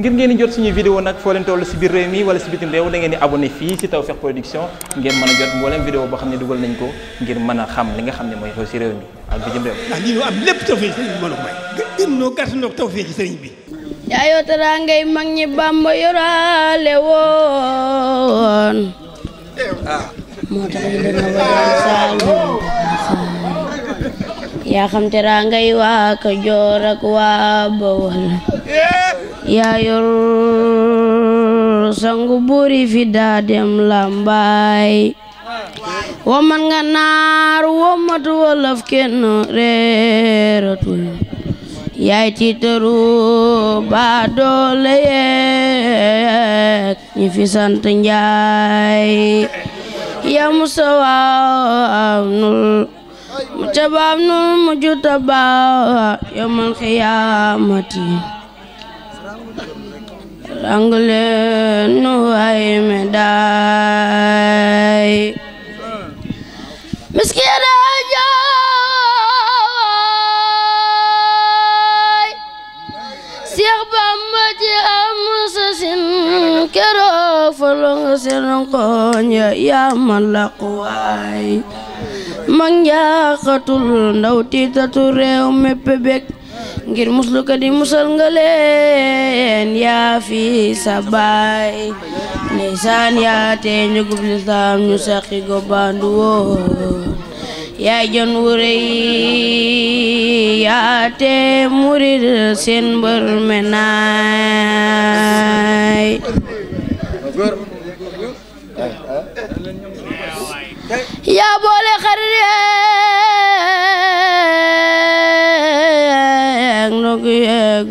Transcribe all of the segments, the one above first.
ngir ngeen jot suñu vidéo nag foo leen toll si biir réew mi wala si bitim réew da ngeen di abonné fii si Tawfekh Production ngeen mën a jot mboolem vidéo boo xam ne dugal nañ ko ngir mën a xam li nga xam ne mooy xew si réew mi ak bitim réew. ndax lii ñu a may. gën noo gàtt noo Tawfekh sëriñ bi. yaayoo taraa ngay mag ñi Bàmba yoraale woon. moo tax ñu doon na yaa xam teraangay ak waa Bawol yaa yor sangu buri fi daa dem lambaay woman nga naar womatu wolof kenn reeratul yaay tiitaru baa doole yeek ñi fi sant njaay yaa musa waaw nul mu tabaab nul mu juta baa yomal xiyaamati sang leen nu ay médaay miskina jaay Seex Bamba ci am sa sin keroo folo nga seen yaa ma laquwaay mag njaaxatul ndaw tiitatu réew mépp bég ngir muslu di musal nga yaa fi sa baay ndeysaan yaa tee njugub lislaam ñu saqi go yaa jon wu yaa tee murid seen mbër menaay roog yeeg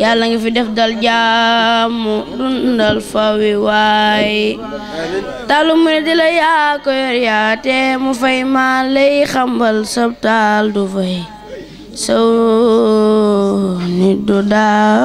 yàlla nga fi def dal jaamu dundal fawi waay talu mu ne di la ko yor yaa te fay ma lay xambal sabtaal du fay sow du daaw